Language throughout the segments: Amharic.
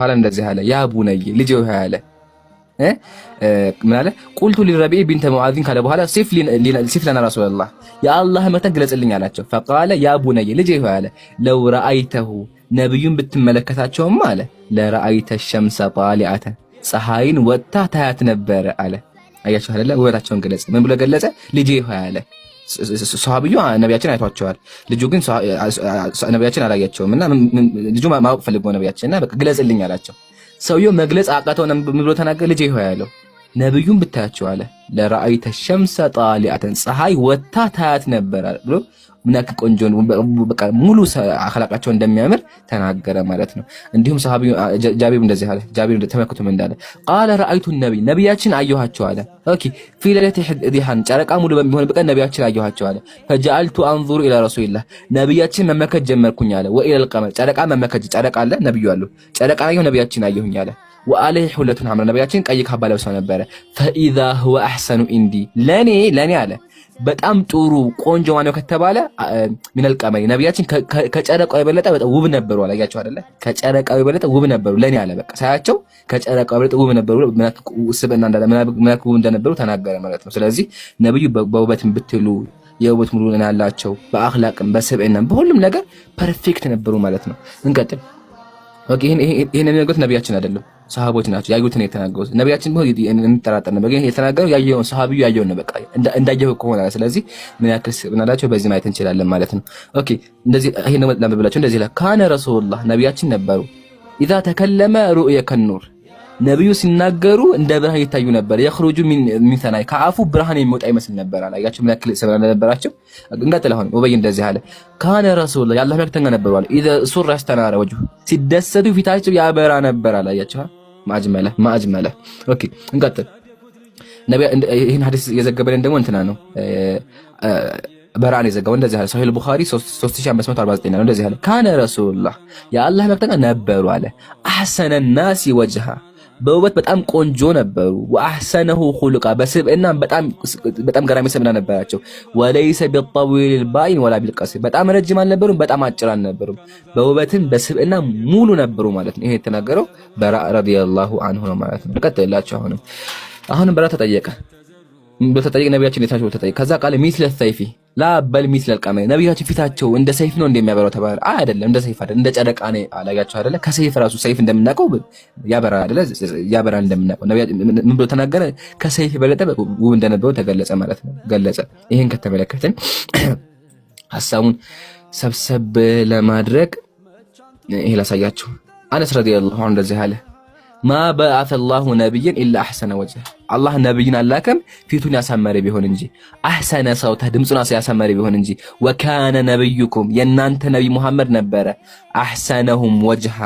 ኋላ እንደዚህ አለ፣ ያ ቡነይ ልጅ ሆይ አለ ምን አለ? ቁልቱ ሊረቢዒ ቢንተ ሙዓዚን ካለ በኋላ ሲፍ ለና ረሱላላህ የአላህ መተን ግለጽልኝ አላቸው። ፈቃለ ያ ቡነይ ልጅ ሆይ አለ፣ ለው ረአይተሁ ነቢዩን ብትመለከታቸውም አለ ለረአይተ ሸምሰ ጣሊዐተን ፀሐይን ወጥታ ታያት ነበረ አለ። አያቸው አለ ውበታቸውን ገለጸ። ምን ብሎ ገለጸ? ልጅ ሆይ አለ ሰሃብዩ ነቢያችን አይቷቸዋል። ልጁ ግን ነቢያችን አላያቸውም እና ልጁ ማወቅ ፈልጎ ነቢያችን እና ግለጽልኝ አላቸው። ሰውየው መግለጽ አቃተው ብሎ ተናገር። ልጅ ይሆ ያለው ነቢዩን ብታያቸው አለ ለራአይተ ሸምሰ ጣሊአተን ፀሐይ ወታ ታያት ነበር ብሎ ምን ያክል ቆንጆ በቃ ሙሉ አክላቃቸው እንደሚያምር ተናገረ ማለት ነው። እንዲሁም ሰሃቢው ጃቢር እንደዚህ አለ። ጃቢር ተመልክቶም እንዳለ ቃለ ረአይቱ ነቢይ ነቢያችን አየኋቸው አለ። ኦኬ ዲሃን ጨረቃ ሙሉ በሚሆን በቀን ነቢያችን አየኋቸው አለ። ፈጀአልቱ አንዙሩ ኢላ ረሱልላህ ነቢያችን መመከት ጀመርኩኝ አለ። ወኢለል ቀመር ጨረቃ መመከት ጨረቃ አለ ነብዩ አሉ ጨረቃ አየሁ ነቢያችን አየሁኝ አለ። ወአለይሂ ሁለቱን ሐምራ ነቢያችን ቀይ ካባ ለብሰው ነበረ። ፈኢዛ ሁወ አሕሰኑ ኢንዲ ለኔ ለኔ አለ በጣም ጥሩ ቆንጆ ማነው ከተባለ ሚነል ቀመሪ ነቢያችን ከጨረቃው የበለጠ በጣም ውብ ነበሩ። አላያቸው አይደለ? ከጨረቃው የበለጠ ውብ ነበሩ ለኔ አለ። በቃ ሳያቸው ከጨረቃው የበለጠ ውብ ነበሩ። ስብና ምናክ ውብ እንደነበሩ ተናገረ ማለት ነው። ስለዚህ ነብዩ በውበትም ብትሉ የውበት ሙሉ ያላቸው በአክላቅም በስብዕናም በሁሉም ነገር ፐርፌክት ነበሩ ማለት ነው። እንቀጥል። ኦኬ ይሄን ይሄን የሚነግሩት ነቢያችን አይደለም ሰሃቦች ናቸው። ያዩት ነው የተናገሩት። ነቢያችን ነው እንጠራጠር ነበር፣ ግን የተናገረው ያየውን ሰሃቢው ያየውን ነው። በቃ እንዳየው ከሆነ ስለዚህ ምን ያክል ምናላቸው በዚህ ማየት እንችላለን ማለት ነው። ኦኬ እንደዚህ ይሄን ነው ለምብላችሁ እንደዚህ ካነ ረሱሉላህ ነቢያችን ነበሩ ኢዛ ተከለመ ሩእየ ከኑር ነብዩ ሲናገሩ እንደ ብርሃን ይታዩ ነበር። የኽሩጁ ሚን ከአፉ ብርሃን የሚወጣ ይመስል ነበር አለ። ምን ያክል ሰብራ እንደነበራቸው እንቀጥል። አሁን ወበይ እንደዚህ አለ ካነ ረሱላ ያላህ መልክተኛ ነበሩ አለ። ኢዘ ሱር ያስተናረ ወጁ ሲደሰቱ ፊታቸው ያበራ ነበር አለ። ማጅመለ ማጅመለ። ኦኬ እንቀጥል። ነብዩ ይሄን ሐዲስ የዘገበልን ደግሞ እንትና ነው በራን የዘገበው እንደዚህ አለ። ሶሂል ቡኻሪ 3549 ነው። እንደዚህ አለ ካነ ረሱላህ የአላህ መልክተኛ ነበሩ አለ አሕሰነ ናሲ ወጅሃ በውበት በጣም ቆንጆ ነበሩ። ወአሕሰነሁ ኹሉቃ በስብእና በጣም ገራሚ ስብዕና ነበራቸው። ወለይሰ ቢጣዊል ባይን ወላ ቢልቀሲር በጣም ረጅም አልነበሩም፣ በጣም አጭር አልነበሩም። በውበትም በስብእና ሙሉ ነበሩ ማለት ነው። ይሄ የተናገረው በራእ ረዲየላሁ አንሁ ነው ማለት ነው። ቀጥላችሁ። አሁንም አሁንም በራእ ተጠየቀ በተጠይቅ ነቢያችን የታች በተጠይቅ ከዛ ቃል ሚስለ ሰይፊ ላበል ሚስለ ቀመ ነቢያችን ፊታቸው እንደ ሰይፍ ነው እንደሚያበራው ተባለ። አይደለም እንደ ሰይፍ አይደለም፣ እንደ ጨረቃ ነው አላጋቸው አይደለ? ከሰይፍ ራሱ ሰይፍ እንደምናውቀው ያበራ አይደለ? ያበራ እንደምናውቀው ምን ብሎ ተናገረ? ከሰይፍ በለጠ ውብ እንደነበረው ተገለጸ ማለት ነው፣ ገለጸ። ይህን ከተመለከትን ሀሳቡን ሰብሰብ ለማድረግ ይሄ ላሳያቸው። አነስ ረዲየላሁ ዐንሁ እንደዚህ አለ ማ በአተ ላሁ ነቢይን ኢላ አሕሰነ ወጀ አላህ ነቢይን አላከም ፊቱን ያሳመረ ቢሆን እንጂ አሕሰነ ሰውተ ድምፁን ያሳመረ ቢሆን እንጂ። ወካነ ነቢዩኩም የእናንተ ነቢይ ሙሐመድ ነበረ። አሕሰነሁም ወጅሃ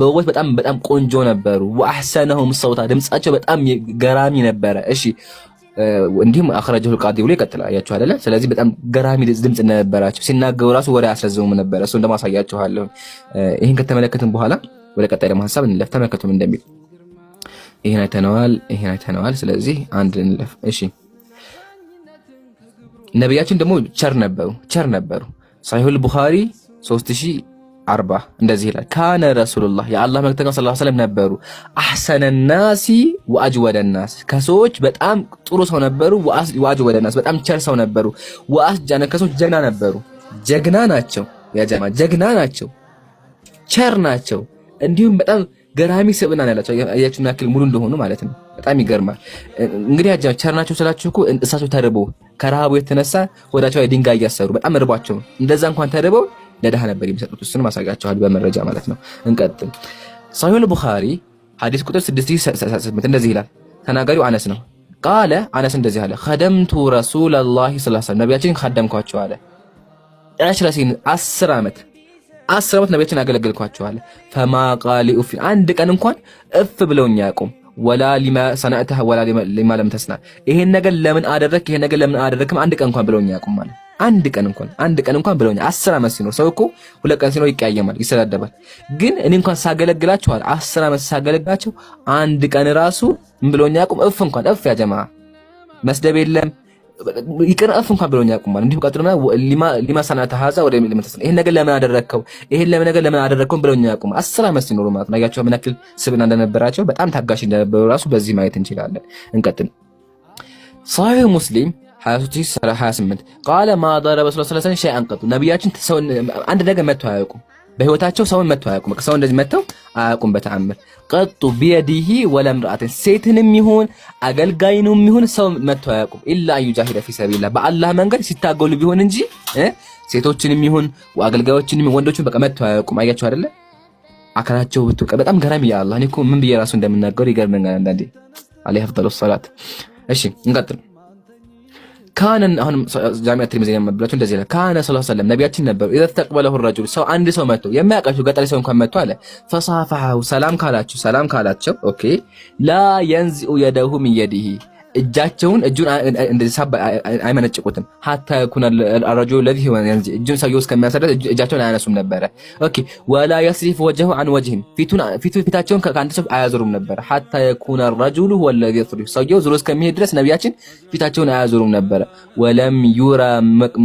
በውበት በጣም በጣም ቆንጆ ነበሩ። ወአሕሰነሁም ሰውታ ድምፃቸው በጣም ገራሚ ነበረ። እሺ እንዲሁም አኽረጀሁ ልቃዲ ብሎ ይቀጥላል። አያችሁ አይደለ? ስለዚህ በጣም ገራሚ ድምፅ እንደነበራቸው ሲናገሩ ራሱ ወደ አስረዘሙም ነበረ። እሱ እንደማሳያችኋለሁ። ይህን ከተመለከትን በኋላ ወደ ቀጣይ ደግሞ ሀሳብ እንለፍ። ተመልከቱም እንደሚል ይህን አይተነዋል፣ ይህን አይተነዋል። ስለዚህ አንድ እንለፍ። እሺ ነቢያችን ደግሞ ቸር ነበሩ፣ ቸር ነበሩ። ሳሂሁል ቡኻሪ 3040 እንደዚህ ይላል። ካነ ረሱሉላህ የአላህ መልክተኛ ሰለላሁ ዐለይሂ ወሰለም ነበሩ። አህሰነ ናሲ ወአጅወደ ናስ ከሰዎች በጣም ጥሩ ሰው ነበሩ። ወአጅወደ ናስ በጣም ቸር ሰው ነበሩ። ወአስጃነ ከሰዎች ጀግና ነበሩ። ጀግና ናቸው፣ ያጀማ ጀግና ናቸው፣ ቸር ናቸው። እንዲሁም በጣም ገራሚ ስብና ያላቸው አያችሁን ያክል ሙሉ እንደሆኑ ማለት ነው። በጣም ይገርማል። እንግዲህ አጃ ቸርናቸው ስላችሁ እኮ እሳቸው ተርበው ከረሃቡ የተነሳ ወዳቸው ላይ ድንጋይ እያሰሩ በጣም እርቧቸው እንደዛ እንኳን ተርበው ለድሃ ነበር የሚሰጡት። እሱን አሳጋችኋል በመረጃ ማለት ነው። እንቀጥል። ሳሂሁል ቡኻሪ ሐዲስ ቁጥር 6 እንደዚህ ይላል። ተናጋሪው አነስ ነው። ቃለ አነስ እንደዚህ አለ። ከደምቱ ረሱለላሂ ነቢያችን ካደምኳቸው አለ። ዕሽረሲን አስር ዓመት አስር ዓመት ነቢያችን አገለግልኳቸዋል። ፈማቃሊ ኡፊ አንድ ቀን እንኳን እፍ ብለውኝ አያውቁም። ወላ ሊማ ሰናዕተህ ወላ ሊማ ለም ተስና ይሄን ነገር ለምን አደረክ፣ ይሄን ነገር ለምን አደረክም አንድ ቀን እንኳን ብለውኝ አያውቁም ማለት አንድ ቀን እንኳን አንድ ቀን እንኳን ብለውኝ። አስር ዓመት ሲኖር ሰው እኮ ሁለት ቀን ሲኖር ይቀያየማል፣ ይሰዳደባል። ግን እኔ እንኳን ሳገለግላቸዋል አስር ዓመት ሳገለግላቸው አንድ ቀን ራሱ ብለውኝ አያውቁም። እፍ እንኳን እፍ ያጀማ መስደብ የለም ይቅር እፍ እንኳን ብሎኝ ያቁማል። እንዲሁ ቀጥሎና ሊማ ሰናተ ሀዛ ወደ ሚል መተሰነ ይሄን ነገር ለምን አደረግከው? ይሄን ለምን ነገር ለምን አደረግከው ብሎኝ ያቁማል። አስር ዓመት ሲኖሩ ማለት ነው። ያያቸው ምን ያክል ስብዕና እንደነበራቸው በጣም ታጋሽ እንደነበሩ ራሱ በዚህ ማየት እንችላለን። እንቀጥል። ሷሂህ ሙስሊም 2328 ቃለ ማ ضرب ረሱላህ ሰለላሁ ዐለይሂ ወሰለም ሸይአን ቀጡ። ነብያችን አንድ ነገር መጥቶ አያውቁም። በህይወታቸው ሰውን መጥተው አያውቁም። ሰው እንደዚህ መጥተው አያውቁም በተአምር ቀጡ ቢየዲሂ ወለም ራአትን ሴትንም ይሁን አገልጋይንም ይሁን ሰው መጥተው አያውቁም። ኢላ አዩጃሂደ ፊ ሰቢላ በአላህ መንገድ ሲታገሉ ቢሆን እንጂ ሴቶችንም ይሁን አገልጋዮችንም ወንዶችን በቃ መጥተው አያውቁም። አያቸው አይደለ አካላቸው ብትቀ በጣም ገራሚ ያላህ እኔ እኮ ምን ብዬ ራሱ እንደምናገሩ ይገርመኛል አንዳንዴ። አለይሂ አፍዶሉ ሰላት። እሺ እንቀጥል ካነን አሁንም ጃሚያ ትርሚዚ ያመብላችሁ እንደዚህ ነው። ካነ ሰለላሁ ዐለይሂ ነቢያችን ነበሩ። ኢዘ ተቀበለሁ ረጁል ሰው አንድ ሰው መጥቶ የማያውቃችሁ ገጠር ሰው እንኳን መጥቶ አለ ፈሳፋሁ ሰላም ካላችሁ ሰላም ካላቸው ኦኬ ላ የንዚኡ የደሁ ሚን የዲሂ እጃቸውን እጁን አይመነጭቁትም። ሀታ ኩና አረጆ ለዚህ እጁን ሰውየው እስከሚያሰረት እጃቸውን አያነሱም ነበረ። ኦኬ ወላ የስሪፍ ወጀሁ አን ወጅህን ፊታቸውን ከአንድ ሰው አያዞሩም ነበረ። ሀታ የኩነ ረጁሉ ወለዚ የስሪፍ ሰውየው ዞሮ እስከሚሄድ ድረስ ነቢያችን ፊታቸውን አያዞሩም ነበረ። ወለም ዩራ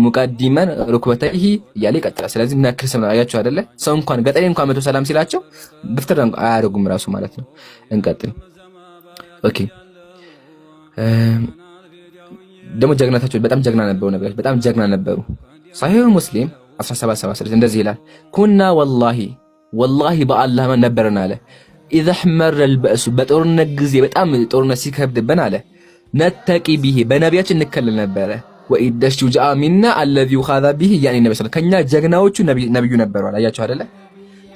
ሙቀዲመን ሩክበተይሂ እያለ ይቀጥላል። ስለዚህ ምን ያክል ስም አያቸው አደለ? ሰው እንኳን ገጠሬ እንኳን መቶ ሰላም ሲላቸው ብፍትር አያደርጉም ራሱ ማለት ነው። እንቀጥል ኦኬ ደግሞ ጀግናታቸው በጣም ጀግና ነበሩ። ነብያችን በጣም ጀግና ነበሩ። ሳሒህ ሙስሊም 1776 እንደዚህ ይላል። ኩና ወላሂ ወላሂ በአላህ ነበርን አለ ኢዛ ሕመረ ልበእሱ በጦርነት ጊዜ በጣም ጦርነት ሲከብድብን አለ ነተቂ ብሄ በነቢያችን እንከለል ነበረ። ወኢደሽ ጁጃአ ሚና አለዚ ኻዛ ብሄ ያኔ ነቢ ከኛ ጀግናዎቹ ነቢዩ ነበሩ አለ። አያቸው አይደለ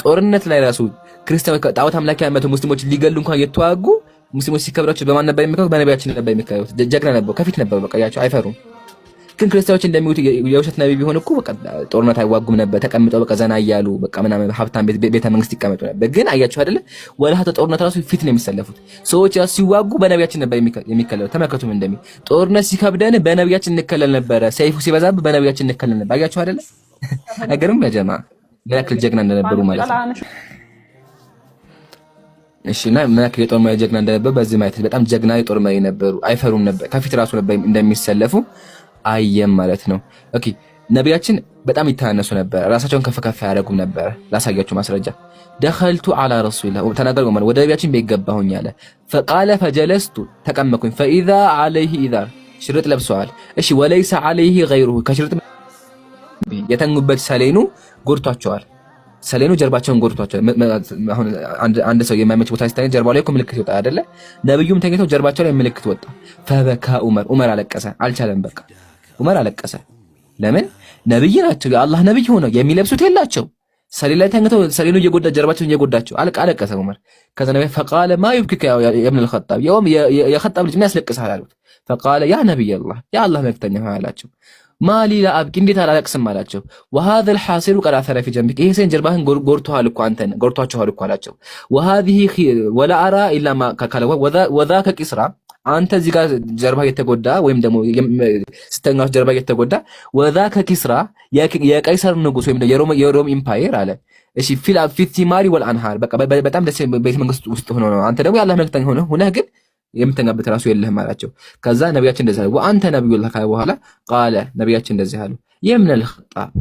ጦርነት ላይ ራሱ ክርስቲያኖች ጣዖት አምላኪ ያመቱ ሙስሊሞች ሊገሉ እንኳን የተዋጉ ሙስሊሞች ሲከብራቸው በማን ነበር የሚከብሩት? በነቢያችን ነበር የሚከብሩት። ጀግና ነበሩ፣ ከፊት ነበሩ። በቃ ያቸው አይፈሩም። ግን ክርስቲያኖች እንደሚሉት የውሸት ነቢ ቢሆን እኮ በቃ ጦርነት አይዋጉም ነበር። ተቀምጠው በቃ ዘና እያሉ በቃ ምናምን ሀብታም ቤተ መንግስት ይቀመጡ ነበር። ግን አያቸው አይደለ ወላሂ ጦርነት ራሱ ፊት ነው የሚሰለፉት ሰዎች ራሱ ሲዋጉ በነቢያችን ነበር የሚከለሉ። ተመልከቱም እንደሚ ጦርነት ሲከብደን በነቢያችን እንከለል ነበረ፣ ሰይፉ ሲበዛብ በነቢያችን እንከለል ነበር። አያቸው አይደለ ነገርም በጀማ ምን ያክል ጀግና እንደነበሩ ማለት ነው። እሺና ምን ያክል የጦር መሪ ጀግና እንደነበር በዚህ ማየት በጣም ጀግና የጦር መሪ ነበሩ። አይፈሩም ነበር። ከፊት ራሱ ነበር እንደሚሰለፉ አየም ማለት ነው። ኦኬ ነቢያችን በጣም ይተናነሱ ነበር። ራሳቸውን ከፍ ከፍ ያደርጉም ነበር። ላሳያችሁ ማስረጃ ደኸልቱ አላ ረሱላ ተናገር ማለት ወደ ነቢያችን ቤት ገባሁኝ አለ። ፈቃለ ፈጀለስቱ ተቀመኩኝ። ፈኢዛ ዐለይሂ ኢዛር ሽርጥ ለብሰዋል። እሺ ወለይሰ ዐለይሂ ገይሩ ከሽርጥ የተኙበት ሰሌኑ ጎድቷቸዋል። ሰሌኑ ጀርባቸውን ጎድቷቸው፣ አንድ ሰው የማይመች ቦታ ሲታይ ጀርባ ላይ እኮ ምልክት ይወጣ አይደለ? ነብዩም ተኝተው ጀርባቸው ላይ ምልክት ወጣ። ፈበካ ዑመር ዑመር አለቀሰ፣ አልቻለም። በቃ ዑመር አለቀሰ። ለምን? ነብይ ናቸው፣ የአላህ ነብይ ሆነው የሚለብሱት የላቸው። ሰሌን ላይ ተኝተው ሰሌኑ እየጎዳ ጀርባቸውን እየጎዳቸው አለቀሰ ዑመር። ከዛ ነብይ ፈቃለ ማ ዩብኪከ ያ ኢብን አልኸጣብ፣ የኸጣብ ልጅ ምን ያስለቅሳል አሉት። ፈቃለ ያ ነብይ አላህ፣ ያ አላህ መልክተኛ አላቸው ማሊ ለአብቂ እንዴት አላለቅስም አላቸው። ወሃዘል ሐሲሩ ቀድ አሰረ ፊ ጀንቢክ ይሄ ሴን ጀርባህን ጎርቷል እኮ አንተን ጎርቷችኋል እኮ አላቸው። ወሃዚህ ወላ አራ ኢላ ማ ካለ ወዛ አንተ እዚህ ጋር ጀርባ እየተጎዳ ወይም ደግሞ ስተኛዎች ጀርባ እየተጎዳ ወዛ ከቂስራ የቀይሰር ንጉስ ወይም የሮም ኢምፓየር አለ። እሺ ፊት ሲማሪ ወል አንሃር በጣም ደስ ቤተ መንግስት ውስጥ ሆኖ ነው። አንተ ደግሞ ያላህ መልክተኛ ሆነ ሁነህ ግን የምተኛበት ራሱ የለህም አላቸው። ከዛ ነቢያችን እንደዚህ አሉ፣ ወአንተ ነቢዩላህ ካለ በኋላ ቃለ ነቢያችን እንደዚህ አሉ፣ የምነል ኸጣብ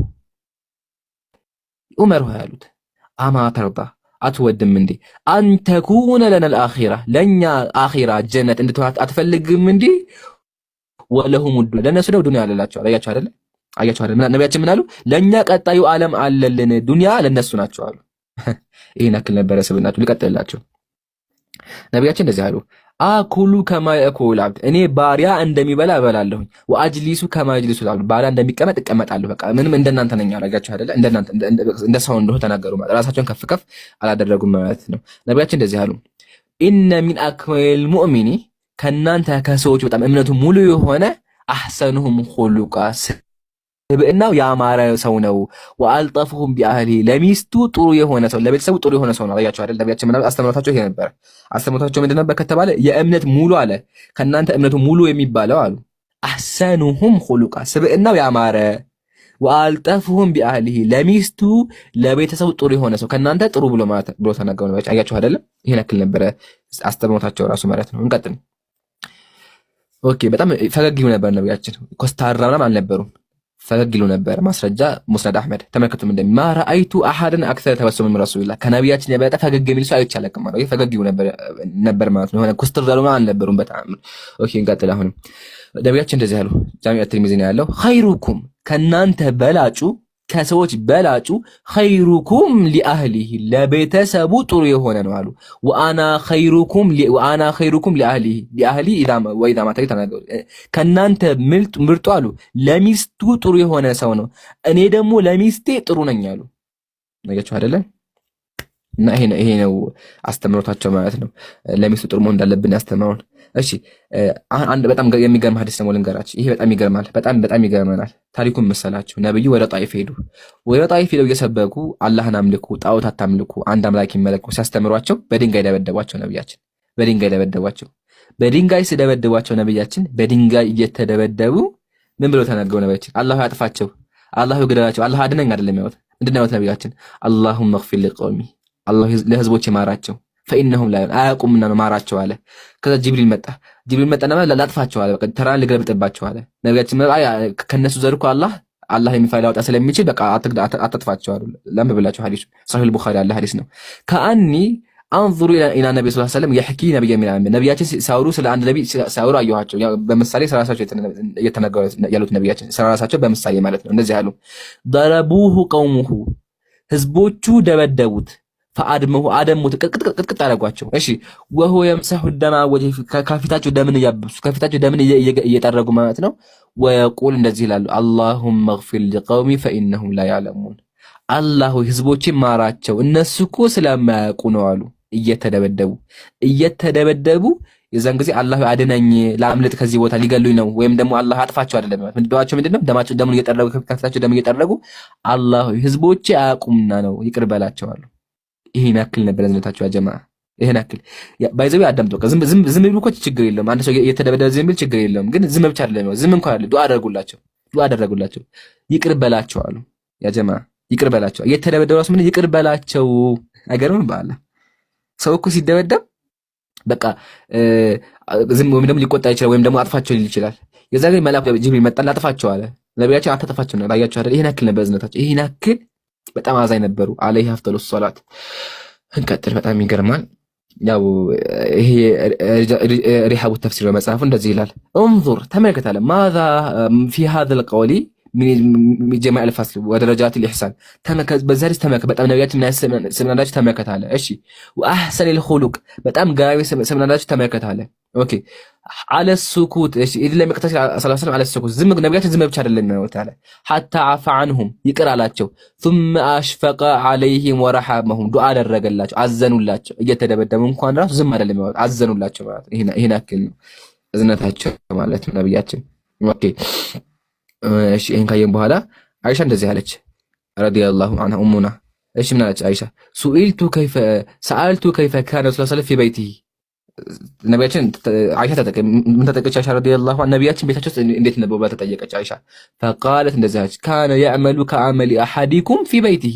ዑመር ሆይ አሉት፣ አማ ተርዳ አትወድም እንዴ አንተኩነ ለነል አኺራ ለኛ አኺራ ጀነት እንድትሆን አትፈልግም እንዴ? ወለሁም ዱንያ ለነሱ ነው ዱንያ አለላቸው። አያቸው አይደለ? አያቸው አይደለ? ነቢያችን ምን አሉ? ለኛ ቀጣዩ ዓለም አለልን ዱንያ ለነሱ ናቸው አሉ። ይሄን አክል ነበረ ስብናቸው። ልቀጥልላቸው። ነቢያችን እንደዚህ አሉ አኩሉ ከማ የእኩል አብድ እኔ ባሪያ እንደሚበላ እበላለሁኝ። ወአጅሊሱ ከማ የጅሊሱ አብድ ባሪያ እንደሚቀመጥ እቀመጣለሁ። በቃ ምንም እንደናንተ ነኝ ያደረጋችሁ አይደለ? እንደናንተ እንደ ሰው እንደሆነ ተናገሩ ማለት ራሳቸውን ከፍ ከፍ አላደረጉም ማለት ነው። ነቢያችን እንደዚህ አሉ። ኢነ ሚን አክመል ሙእሚኒ ከናንተ ከሰዎች በጣም እምነቱ ሙሉ የሆነ አህሰኑሁም ሁሉቃ ስብእናው ያማረ ሰው ነው። ወአልጠፉሁም ቢአህሊ ለሚስቱ ጥሩ የሆነ ሰው ለቤተሰቡ ጥሩ የሆነ ሰው ነው። አያቸው አይደል? ነቢያችን ምናምን አስተምሮታቸው ይሄ ነበር። አስተምሮታቸው ምንድን ነበር ከተባለ የእምነት ሙሉ አለ። ከእናንተ እምነቱ ሙሉ የሚባለው አሉ አሕሰኑሁም ኹሉቃ ስብዕናው ያማረ ወአልጠፉሁም ቢአህሊ ለሚስቱ ለቤተሰቡ ጥሩ የሆነ ሰው ከእናንተ ጥሩ ብሎ ማለት ብሎ ተናገሩ። አያቸው አይደለም? ይሄን ያክል ነበረ አስተምሮታቸው ራሱ ማለት ነው። እንቀጥል። ኦኬ። በጣም ፈገግ ነበር ነቢያችን። ኮስታራ ምናምን አልነበሩም። ፈገግ ይሉ ነበር። ማስረጃ ሙስነድ አሕመድ ተመልከቱም እንደሚ ማ ረአይቱ አክሰር ተበሱመ ሚን ረሱሊላህ ከነቢያችን የበለጠ ፈገግ የሚል ሰው አይቼ አላውቅም። ማለት ፈገግ ይሉ ነበር ማለት ነው። የሆነ ኩስትር ያሉ አልነበሩም። በጣም ኦኬ። እንቀጥል። አሁንም ነቢያችን እንደዚህ ያሉ ጃሚዕ ትርሚዚ ነው ያለው ኸይሩኩም ከእናንተ በላጩ ከሰዎች በላጩ ኸይሩኩም ሊአህሊህ ለቤተሰቡ ጥሩ የሆነ ነው አሉ። ወአና ኸይሩኩም ሊአህሊ ከእናንተ ምርጡ አሉ ለሚስቱ ጥሩ የሆነ ሰው ነው፣ እኔ ደግሞ ለሚስቴ ጥሩ ነኝ አሉ። ነገችሁ አይደለም? እና ይሄ ነው አስተምሮታቸው ማለት ነው። ለሚስቱ ጥሩ መሆን እንዳለብን ያስተምረውን። እሺ አንድ በጣም የሚገርም ሀዲስ ደግሞ ልንገራችሁ። ይሄ በጣም ይገርማል፣ በጣም በጣም ይገርመናል። ታሪኩን መሰላችሁ። ነብዩ ወደ ጣይፍ ሄዱ። ወደ ጣይፍ ሄደው እየሰበኩ አላህን አምልኩ፣ ጣዖት አታምልኩ፣ አንድ አምላክ ይመለኩ ሲያስተምሯቸው በድንጋይ ደበደቧቸው። ነብያችን በድንጋይ ደበደቧቸው። በድንጋይ ሲደበደቧቸው ነብያችን በድንጋይ እየተደበደቡ ምን ብለው ተናገሩ? ነብያችን አላሁ ያጥፋቸው፣ አላሁ ይግደላቸው፣ አላህ አድነኝ አይደለም ያወት ምንድን ያወት ነብያችን አላሁም መግፊር ሊቀውሚ አላህ ለህዝቦች የማራቸው ፈኢነሁም ላይ አያቁምና ነው ማራቸው አለ። ከዛ ጅብሪል መጣ። ጅብሪል መጣና ላጥፋቸው አለ። በቃ ተራን ልገለብጥባቸው አለ። ነቢያችን አይ ከነሱ ዘር እኮ አላህ አላህ የሚፋይል አውጣ ስለሚችል በቃ አታጥፋቸው አሉ። ለምብላቸው ሐዲሱ ሰሒህ ቡኻሪ አለ ሐዲስ ነው። ከአኒ አንዙሩ ኢላ ነቢ ስ ሰለም የሕኪ ነቢያ ሚን ነቢያችን ሲያወሩ ስለ አንድ ነቢ ሲያወሩ አየኋቸው። በምሳሌ ስለራሳቸው እየተናገሩ ያሉት ነቢያችን ስለራሳቸው በምሳሌ ማለት ነው። እንደዚህ አሉ። ደረቡሁ ቀውሙሁ ህዝቦቹ ደበደቡት ፈአድመሁ አደሙት ቅጥቅጥ አደረጓቸው። እሺ ወሆ የምሰሑ ደማ ከፊታቸው ደምን እያበሱ ከፊታቸው ደምን እየጠረጉ ማለት ነው። ወየቁል እንደዚህ ይላሉ፣ አላሁም ግፊር ሊቀውሚ ፈኢነሁም ላ ያለሙን። አላሁ ህዝቦቼ ማራቸው እነሱ እኮ ስለማያውቁ ነው አሉ። እየተደበደቡ እየተደበደቡ የዛን ጊዜ አላህ አድነኝ፣ ለአምልጥ ከዚህ ቦታ ሊገሉኝ ነው፣ ወይም ደግሞ አላህ አጥፋቸው አይደለም። ምንድባቸው ምንድነው? ደማቸው ደሙን እየጠረጉ ከፊታቸው ደምን እየጠረጉ አላሁ ህዝቦቼ አያውቁምና ነው ይቅር በላቸው አሉ። ይሄን ያክል ነበር ያዝነታቸው ያጀማ ይሄን ያክል ባይዘው አዳምጠው ዝም ዝም ዝም ብሎ እኮ ችግር የለውም። አንድ ሰው የተደበደበ ዝም ቢል ችግር የለውም። ግን ዝም ብቻ አይደለም፣ ዝም እንኳን አለ ዱአ አደረጉላቸው፣ ዱአ አደረጉላቸው። ይቅር በላቸው አሉ ያጀማ፣ ይቅር በላቸው። የተደበደበ ራሱ ምን ይቅር በላቸው። አይገርምም? በኋላ ሰው እኮ ሲደበደብ በቃ ዝም ወይም ደግሞ ሊቆጣ ይችላል፣ ወይም ደግሞ አጥፋቸው ሊል ይችላል። የዛ ግን መልአኩ ጅብሪል መጣ ላጥፋቸው አለ። ነቢያችን አታጥፋቸው ነው ባያቸው አይደል? ይሄን ያክል ነበር ዝነታቸው ይሄን ያክል በጣም አዛኝ ነበሩ። አለይህ አፍተሉ ሶላት እንቀጥል። በጣም ይገርማል። ያው ይሄ ሪሃቡ ተፍሲር በመጽሐፉ እንደዚህ ይላል። እንዙር ተመልከታለ ማዛ ፊ ሀዘል ቀውሊ ሚጀማ አልፋስ ወደረጃት ልሕሳን ተመከዝ በዛሬስ ተመከ በጣም ነቢያችን ምናስ ስምናዳችሁ ተመከታለ። እሺ ወአሕሰን ልኹሉቅ በጣም ገራሚ ስምናዳችሁ ተመከታለ። ኦኬ አለ ሱኩት እሺ ኢድ ለሚቀታሽ ሰለላሁ አለ ሱኩት ዝም ነቢያችን ዝም ብቻ አይደለም ነው ታለ ሐታ አፈ አንሁም ይቅር አላቸው። ثم አሽፈቀ عليهم ورحمهم ዱዓ አደረገላቸው፣ አዘኑላቸው። እየተደበደቡ እንኳን ራሱ ዝም አይደለም ያወጣ አዘኑላቸው ማለት ይሄን ይሄን አክል ነው እዝነታቸው ማለት ነው ነቢያችን ኦኬ እሺ ይህን ካየን በኋላ አይሻ እንደዚህ አለች፣ ረዲየላሁ ዐንሃ ኡሙና። እሺ ምን አለች አይሻ? ሱኢልቱ ከይፈ ሰአልቱ ከይፈ ካነ ረሱላሁ ሰለላሁ ዐለይሂ ወሰለም ፊ በይቲሂ። ነቢያችን አይሻ ተጠቀም ምን ተጠቀች አይሻ ረዲየላሁ ዐንሃ ነቢያችን ቤታቸው እንዴት ነበር ብላ ተጠየቀች አይሻ። ፈቃለት እንደዚህ አለች፣ ካነ ያዕመሉ ከአመሊ አሐዲኩም ፊ በይቲሂ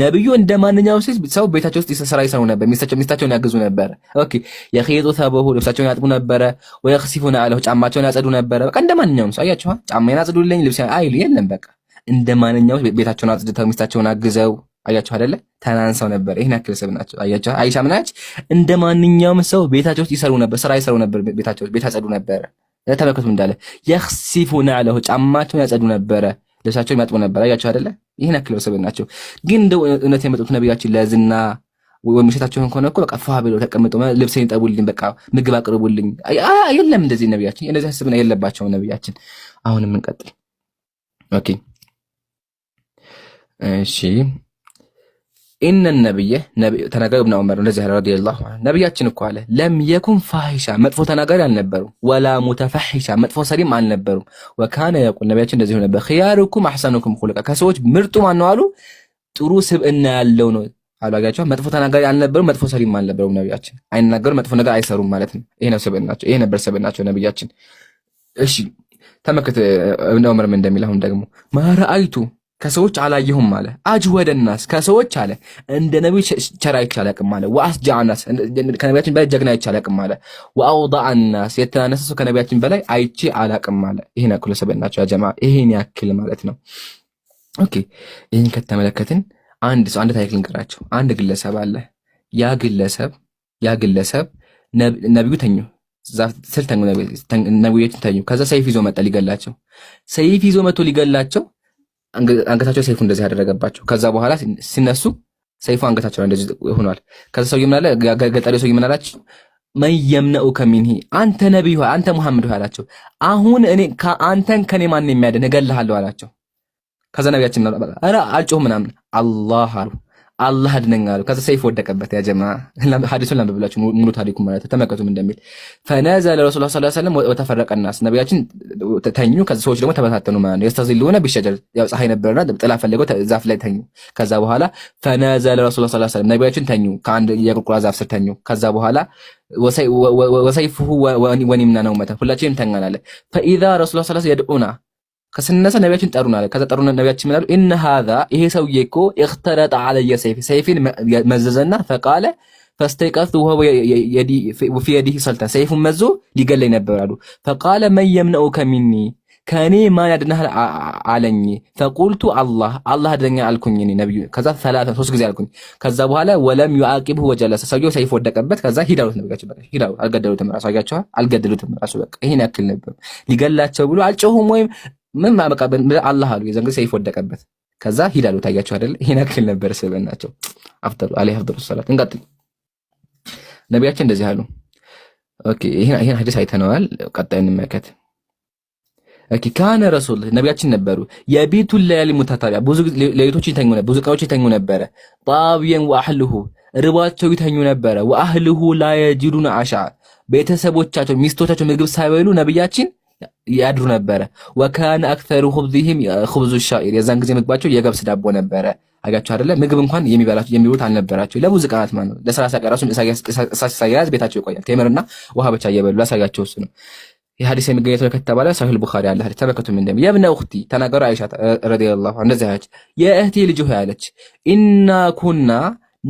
ነብዩ እንደ ማንኛውም ሰው ቤታቸው ውስጥ ስራ ይሰሩ ነበር። ሚስታቸው ሚስታቸውን ያግዙ ነበር። ኦኬ የኺጡ ሰበሁ ልብሳቸውን ያጥቡ ነበረ። ወየኽሲፉን አለሁ ጫማቸውን ያጸዱ ነበረ። በቃ እንደ ማንኛውም ሰው አያችኋል። ጫማዬን አጽዱልኝ ልብስ አይሉ የለም። በቃ እንደ ማንኛውም ቤታቸውን አጽድተው ሚስታቸውን አግዘው አያችሁ አይደለ ተናንሰው ነበር። ይሄን ያክል ሰብ ናቸው። አያችሁ አይሻ ምናች እንደ ማንኛውም ሰው ቤታቸው ውስጥ ይሰሩ ነበር፣ ስራ ይሰሩ ነበር፣ ቤታቸው ቤት ያጸዱ ነበረ። ተመልከቱ እንዳለ የኽሲፉን አለሁ ጫማቸውን ያጸዱ ነበረ ልብሳቸውን የሚያጥቡ ነበር። አያቸው አይደለ? ይህን ያክል ሰብዕና ናቸው። ግን እንደው እውነት የመጡት ነቢያችን ለዝና ወይም ውሸታቸውን ከሆነ እኮ በቃ ፏ ብለው ተቀምጠው ጠቡልኝ፣ በቃ ምግብ አቅርቡልኝ የለም። እንደዚህ ነቢያችን እንደዚህ ስብዕና የለባቸውም ነቢያችን። አሁንም እንቀጥል። ኦኬ እሺ ኢነን ነብየ ተናጋሪ ኢብኑ ዑመር እንደዚህ ያለ ረዲየላሁ ዐንሁ ነብያችን እኮ አለ ለም የኩን ፋሂሻ መጥፎ ተናጋሪ አልነበሩም፣ ወላ ሙተፈሂሻ መጥፎ ሰሪም አልነበሩም። ወካነ የቁል ነብያችን እንደዚህ ነበር፣ ኺያሩኩም አሕሰኑኩም ኹልቀ ከሰዎች ምርጡ ማን ነው አሉ፣ ጥሩ ስብዕና ያለው ነው አሉ። አያቸው መጥፎ ተናጋሪ አልነበሩም፣ መጥፎ ሰሪም አልነበሩም። ነብያችን አይናገሩም፣ መጥፎ ነገር አይሰሩም ማለት ነው። ይሄ ነው ስብዕናቸው፣ ይሄ ነበር ስብዕናቸው ነብያችን። እሺ ተመከተ ኢብኑ ዑመር እንደሚል አሁን ደግሞ ማረአይቱ ከሰዎች አላየሁም አለ። አጅወደ ናስ ከሰዎች አለ እንደ ነቢዩ ቸር አይቼ አላቅም አለ። ወአስጀዐ ከነቢያችን በላይ ጀግና አይቼ አላቅም አለ። ወአውደዐ ናስ የተናነሰ ሰው ከነቢያችን በላይ አይቼ አላቅም አለ። ይሄን ያክል ሰብዕናቸው ያ ጀማዓ ይሄን ያክል ማለት ነው። ኦኬ ይህን ከተመለከትን አንድ ሰው አንድ ታሪክ ልንገራቸው። አንድ ግለሰብ አለ። ያ ግለሰብ ያ ግለሰብ ነቢዩ ተኙ ስል ተኙ ነቢያችን ተኙ። ከዛ ሰይፍ ይዞ መጣ ሊገላቸው። ሰይፍ ይዞ መጥቶ ሊገላቸው አንገታቸው ሰይፉ እንደዚህ ያደረገባቸው። ከዛ በኋላ ሲነሱ ሰይፉ አንገታቸው ላይ እንደዚህ ሆኗል። ከዛ ሰው ይምናለ ገጣሪ ሰው ይምናላቸው መን የምነኡ ከሚንሂ አንተ ነቢይ ሆይ አንተ ሙሐመድ ሆይ አላቸው። አሁን እኔ ከአንተን ከኔ ማን የሚያድን እገልሃለሁ አላቸው። ከዛ ነቢያችን ኧረ አልጮህ ምናምን አላህ አሉ። አላህ አድነኝ አሉ። ከዛ ሰይፍ ወደቀበት። ያ ጀማ ሐዲሱን ላንብብላችሁ ሙሉ ታሪኩ ማለት ተመከቱም እንደሚል ፈነዘለ ረሱል ስ ሰለም ወተፈረቀ ናስ ነቢያችን ተኙ። ከዚ ሰዎች ደግሞ ተበታተኑ ማለት ነው። የስተዚሉነ ቢሸጀር ያው ፀሐይ ነበርና ጥላ ፈለገው ዛፍ ላይ ተኙ። ከዛ በኋላ ፈነዘለ ረሱል ስ ሰለም ነቢያችን ተኙ፣ ከአንድ የቁርቁራ ዛፍ ስር ተኙ። ከዛ በኋላ ወሰይፍሁ ወኒምና ነው መተ ሁላችንም ተኛናለን። ፈኢዛ ረሱል ስ የድኡና ከስነሳ ነቢያችን ጠሩናል። ከዛ ጠሩ ነቢያችን ምን አሉ? ኢነ ሃዛ ይሄ ሰውዬ እኮ እክተለጠ አለየ ሰይፍ ሰይፊን መዘዘና ፈቃለ ፈስተይቀፍት ወሆ ፊ የዲህ ሰልተን ሰይፉን መዞ ሊገለኝ ነበር አሉ። ፈቃለ መን የምነኡከ ሚኒ ከእኔ ማን ያድናሃል አለኝ። ፈቁልቱ አላህ አላህ አድነኛ አልኩኝ ነብዩ። ከዛ ሰላሳ ሶስት ጊዜ አልኩኝ። ከዛ በኋላ ወለም ዩአቂብሁ ወጀለሰ ሰውየው ሰይፍ ወደቀበት። ከዛ ሂዳሉት ነብያቸው በቃ ሂዳሉ። አልገደሉትም ራሱ አያቸዋል። አልገደሉትም ራሱ በቃ ይሄን ያክል ነበር ሊገላቸው ብሎ አልጮሁም ወይም ምን በቃ አላህ አሉ። የዘንግ ሰይፍ ወደቀበት። ከዛ ሂዳሉ አሉ። ታያችሁ አይደለ? ይሄን አክል ነበር ስብዕናቸው። አፍተሩ አለይሂ አፍተሩ ሰላት። እንቀጥል። ነቢያችን እንደዚህ አሉ። ኦኬ፣ ይሄን ይሄን ሐዲስ አይተነዋል። ቀጣይ እንመልከት። ኦኬ፣ ካነ ረሱል ነቢያችን ነበሩ የቤቱ ለያሊ ሙታታቢያ ብዙ ለይቶች ይተኙ ነበር፣ ብዙ ቀኖች ይተኙ ነበር። ጣቢየን ወአህልሁ ርቧቸው ይተኙ ነበረ። ወአህልሁ ላ አሻ ቤተሰቦቻቸው ሚስቶቻቸው ምግብ ሳይበሉ ነቢያችን ያድሩ ነበረ። ወካን አክተሩ ኹብዚሂም ኹብዙ ሻኢር የዛን ጊዜ ምግባቸው የገብስ ዳቦ ነበረ። አጋቸው አይደለ ምግብ እንኳን የሚበላቸው የሚሉት አልነበራቸው። ለብዙ ቀናት ማለት ነው ለሰላሳ ቀራሱ እሱን እሳት ሳያያዝ ቤታቸው ይቆያል። ቴምርና ውሃ ብቻ እየበሉ ያሳያቸው እሱ ነው። ይህ ሐዲስ የሚገኘው ከተባለ ሳሂህ ቡኻሪ ያለ ሐዲስ ተመከቱም እንደም የብነ ኡኽቲ ተናገሩ አይሻ ረዲየላሁ ዐንሃ እንደዚህ አለች የእህቴ ልጅ ሆይ አለች ኢና ኩና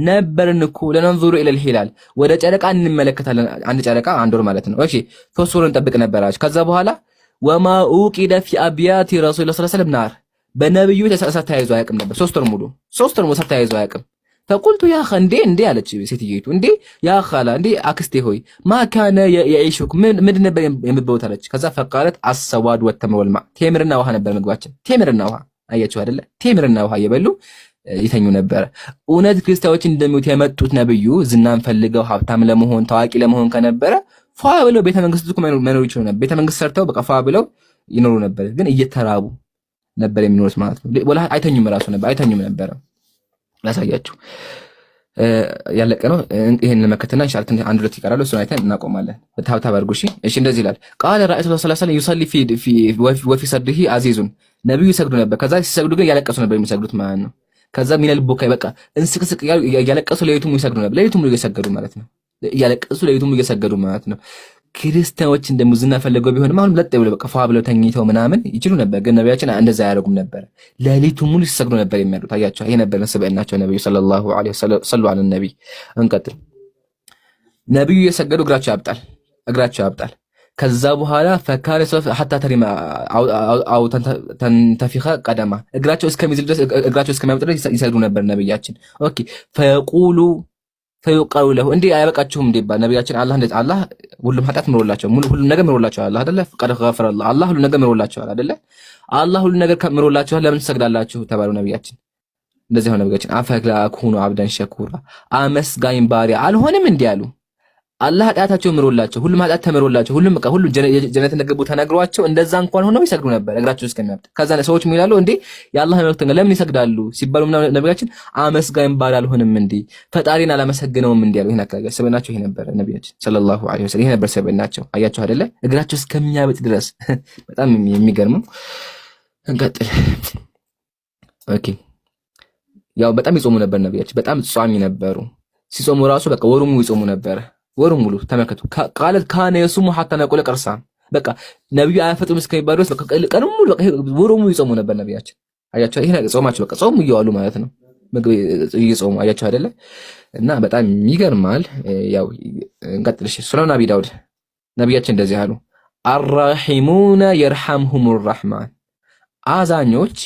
ነበርን እኮ ለነንዙሩ ኢለል ሂላል ወደ ጨረቃ እንመለከታለን። አንድ ጨረቃ አንድ ወር ማለት ነው። እሺ ሶስት ወር እንጠብቅ ነበራች። ከዛ በኋላ ወማ ኡቂደ ፊ አብያቲ ረሱል ሰለላሁ ዐለይሂ ወሰለም ናር በነብዩ እሳት ተያይዞ አያውቅም ነበር። ሶስት ወር ሙሉ ሶስት ወር ሙሉ እሳት ተያይዞ አያውቅም። ተቁልቱ ያ ኸ እንዴ እንዴ አለች ሴትዮቱ እንዴ ያ ኸላ እንዴ አክስቴ ሆይ ማካነ የኢሹክ ምን ነበር የምትበሉት አለች። ከዛ ፈቃለት አሰዋድ ወተመወልማ ቴምርና ውሃ ነበር ምግባችን። ቴምርና ውሃ አያችሁ አይደለ? ቴምርና ውሃ እየበሉ ይተኙ ነበር። እውነት ክርስቲያኖች እንደሚሉት የመጡት ነብዩ ዝናን ፈልገው ሀብታም ለመሆን ታዋቂ ለመሆን ከነበረ ፏ ብለው ቤተመንግስት እኮ መኖር ይችሉ ነበር። ቤተመንግስት ሰርተው በቃ ፏ ብለው ይኖሩ ነበር። ግን እየተራቡ ነበር የሚኖሩት ማለት ነው። ወላ አይተኙም፣ ራሱ ነበር አይተኙም ነበረ። ላሳያችሁ ያለቀ ነው። ይህን ለመከተና ሻል ትንሽ አንድ ሁለት ይቀራሉ። እሱን አይተን እናቆማለን። ታብታብ አድርጉ። እሺ፣ እሺ። እንደዚህ ይላል ቃለ ራእይቱ ሰለላሁ ዐለይሂ ወሰለም ዩሰሊ ወፊ ሰድሂ አዚዙን ነቢዩ ይሰግዱ ነበር። ከዛ ሲሰግዱ ግን ያለቀሱ ነበር የሚሰግዱት ማለት ነው። ከዛ ሚለ ቦካይ በቃ እንስቅስቅ እያለቀሱ ለቤቱ ይሰግዱ ነበር። ለቤቱ ሙሉ እየሰገዱ ማለት ነው። እያለቀሱ ለቤቱ ሙሉ እየሰገዱ ማለት ነው። ክርስቲያኖች እንደ ዝና ፈለገው ቢሆንም አሁንም ለጥ ብሎ በቃ ፏ ብለው ተኝተው ምናምን ይችሉ ነበር። ግን ነቢያችን እንደዛ አያደርጉም ነበር። ለሊቱ ሙሉ ሲሰግዱ ነበር የሚያሉት። አያቸው፣ ይሄ ነበር ስብዕናቸው። ነቢዩ ሰለላሁ ዐለይሂ ወሰለም ሰሉ አለ ነቢይ። እንቀጥል። ነቢዩ እየሰገዱ እግራቸው ያብጣል፣ እግራቸው ያብጣል ከዛ በኋላ ፈካሪ ሶፍ ሐታ ተሪማ አው ተንተፊኸ ቀደማ እግራቸው እስከሚዝል ድረስ እግራቸው እስከሚያብጥ ድረስ ይሰግዱ ነበር ነብያችን። ኦኬ ፈየቁሉ ፈዩቀሉ ለሁ እንዲ አያበቃችሁም እንዴ ባል ነብያችን አላህ እንደ አላህ ሁሉም ኃጢአት ምሮላቸው ሁሉም ነገር ምሮላቸው አላህ አደለ ፈቀድ ገፈረ አላህ አላህ ሁሉ ነገር ምሮላቸዋል አደለ አላህ ሁሉ ነገር ምሮላቸዋል ለምን ትሰግዳላችሁ ተባሉ ነቢያችን። እንደዚህ ሆነ ነቢያችን አፈላ አኩኑ አብደን ሸኩራ አመስጋኝ ባሪያ አልሆንም እንዲህ አሉ። አላህ ኃጢአታቸው ምሮላቸው ሁሉም ኃጢአት ተምሮላቸው ሁሉም በቃ ሁሉ ጀነት እንደገቡ ተነግሯቸው እንደዛ እንኳን ሆነው ይሰግዱ ነበር እግራቸው እስከሚያብጥ። ከዛ ሰዎች ምን ይላሉ እንዴ የአላህ መልእክተኛ ለምን ይሰግዳሉ ሲባሉ ምናምን ነቢያችን አመስጋኝ ባል አልሆንም እንዴ ፈጣሪን አላመሰግነውም እንዴ አሉ። ይሄን አካባቢ ሰበናቸው ይሄ ነበር ነቢያችን ሰለላሁ ዐለይሂ ወሰለም ይሄ ነበር ሰበናቸው። አያቸው አይደለ እግራቸው እስከሚያብጥ ድረስ በጣም የሚገርመው። እንቀጥል። ኦኬ ያው በጣም ይጾሙ ነበር ነቢያችን፣ በጣም ጿሚ ነበሩ። ሲጾሙ ራሱ በቃ ወሩሙ ይጾሙ ነበር ወሩ ሙሉ ተመከቱ ቃለት ካነ የሱሙ ሐታ ነቆለ ቀርሳ በቃ ነብዩ አያፈጥም እስከሚባል ድረስ በቃ ቀኑ ሙሉ ወሩ ሙሉ ይጾሙ ነበር ነብያችን። አያቸው ይሄ ነገር ጾማቸው በቃ ጾሙ እየዋሉ ማለት ነው። ምግብ እየጾሙ አያቸው አይደለ? እና በጣም ይገርማል። ያው እንቀጥልሽ ስለሆነ አቢ ዳውድ ነብያችን እንደዚህ አሉ። አራሂሙና የርሐምሁም ራህማን አዛኞች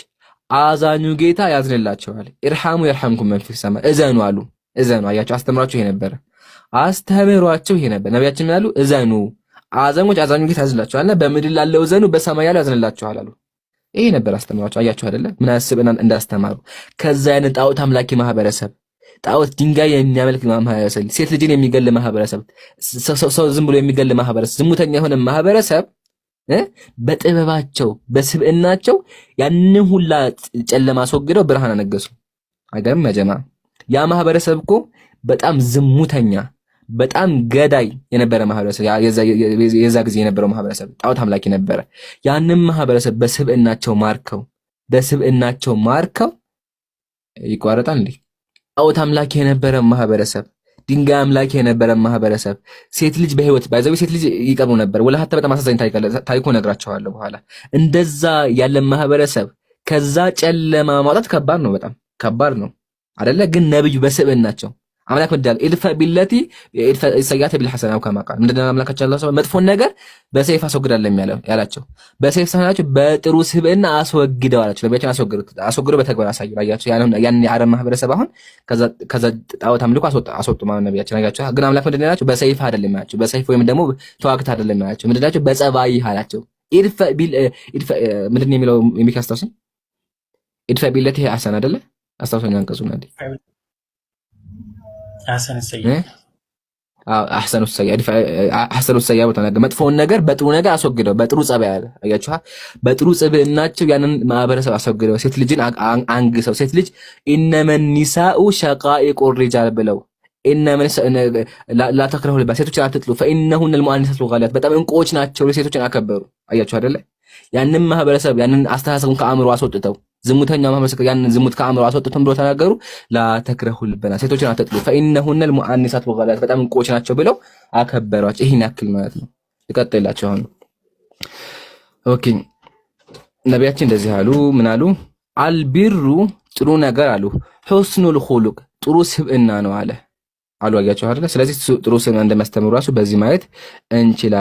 አዛኙ ጌታ ያዝንላቸዋል። ኢርሐሙ የርሐምኩም መንፊ ሰማ እዘኑ አሉ። እዘኑ አያቸው አስተምራቸው ይሄ ነበረ አስተምሯቸው ይሄ ነበር። ነቢያችን ምን አሉ? እዘኑ አዛኞች አዛኙ ጌታ ያዝላችኋልና በምድር ላለው ዘኑ በሰማይ ያለው ያዝንላችኋል አሉ። ይሄ ነበር አስተምሯቸው። አያችሁ አይደለ? ምን አስበና እንዳስተማሩ ከዛ ያን ጣዖት አምላኪ ማህበረሰብ፣ ጣዖት ድንጋይ የሚያመልክ ማህበረሰብ፣ ሴት ልጅን የሚገል ማህበረሰብ፣ ሰው ዝም ብሎ የሚገል ማህበረሰብ፣ ዝሙተኛ የሆነ ማህበረሰብ በጥበባቸው በስብዕናቸው ያንን ሁላ ጨለማ አስወግደው ብርሃን አነገሱ። አገርም መጀማ ያ ማህበረሰብ እኮ በጣም ዝሙተኛ በጣም ገዳይ የነበረ ማህበረሰብ የዛ ጊዜ የነበረው ማህበረሰብ ጣዖት አምላኪ ነበረ። ያንም ማህበረሰብ በስብዕናቸው ማርከው በስብዕናቸው ማርከው ይቋረጣል እንዴ? ጣዖት አምላኪ የነበረ ማህበረሰብ ድንጋይ አምላኪ የነበረ ማህበረሰብ ሴት ልጅ በህይወት ባይዘው ሴት ልጅ ይቀብሩ ነበር። ወላሀተ በጣም አሳዛኝ ታሪኮ ነግራቸዋለሁ በኋላ። እንደዛ ያለ ማህበረሰብ ከዛ ጨለማ ማውጣት ከባድ ነው፣ በጣም ከባድ ነው አደለ? ግን ነብዩ በስብዕናቸው አምላክ ምዳል ኢድፈ ቢለቲ ኢድፈ ሰያተ ቢልሐሰና አው ከማ ቃል ምንድነው አምላካችን አላህ ሰው መጥፎን ነገር በሰይፍ አስወግዳለሁ የሚያለው ያላቸው በሰይፍ ሳይሆናቸው በጥሩ ስብዕና አስወግደው አላቸው። ለቢያችን አስወግዱት አስወግደው በተግባር አሳዩ። አያቸው ያን ያን የአረብ ማህበረሰብ አሁን ከዛ ከዛ ጣዖት አምልኮ አስወጣ አስወጡ ማለት ነቢያችን አያቸው። ግን አምላክ ምንድነው ያላቸው በሰይፍ አይደለም ያላቸው። በሰይፍ ወይም ደግሞ ተዋግተህ አይደለም ያላቸው። ምንድነው ያላቸው በጸባይህ አላቸው። ኢድፈ ቢል ኢድፈ ምንድነው የሚለው የሚካስተውሰን ኢድፈ ቢለቲ ሐሰና አይደለ አስታውሰኝ አንቀጹን እንዴ አሰኑ ሰያ አሰኑ ሰያ መጥፎውን ነገር በጥሩ ነገር አስወግደው፣ በጥሩ ጸባይ አለ። አያችሁ፣ በጥሩ ጽብዕናቸው ያንን ማህበረሰብ አስወግደው፣ ሴት ልጅን አንግሰው። ሴት ልጅ ኢነመን ኒሳኡ ሸቃኢቁ ሪጃል ብለው ላተክረሁ ልባ ሴቶችን አትጥሉ፣ ፈኢነሁን ልሙአኒሳት ልጋሊያት በጣም እንቁዎች ናቸው። ሴቶችን አከበሩ። አያችሁ አይደለ? ያንን ማህበረሰብ ያንን አስተሳሰቡን ከአእምሮ አስወጥተው ዝሙተኛ ማህበረሰብ ያንን ዝሙት ከአእምሮ አስወጡትም ብሎ ተናገሩ። ላተክረሁ ልበና ሴቶችን አትጥሉ ፈኢነሁነል ሙአኒሳት ወጋላት በጣም እንቁዎች ናቸው ብለው አከበሯቸው። ይህን ያክል ማለት ነው። ይቀጥላቸው አሁን ኦኬ። ነቢያችን እንደዚህ አሉ። ምን አሉ? አልቢሩ ጥሩ ነገር አሉ ሑስኑል ኹሉቅ ጥሩ ስብእና ነው አለ አሉ። አያቸው አይደለ? ስለዚህ ጥሩ ስብእና እንደሚያስተምሩ ራሱ በዚህ ማየት እንችላለን።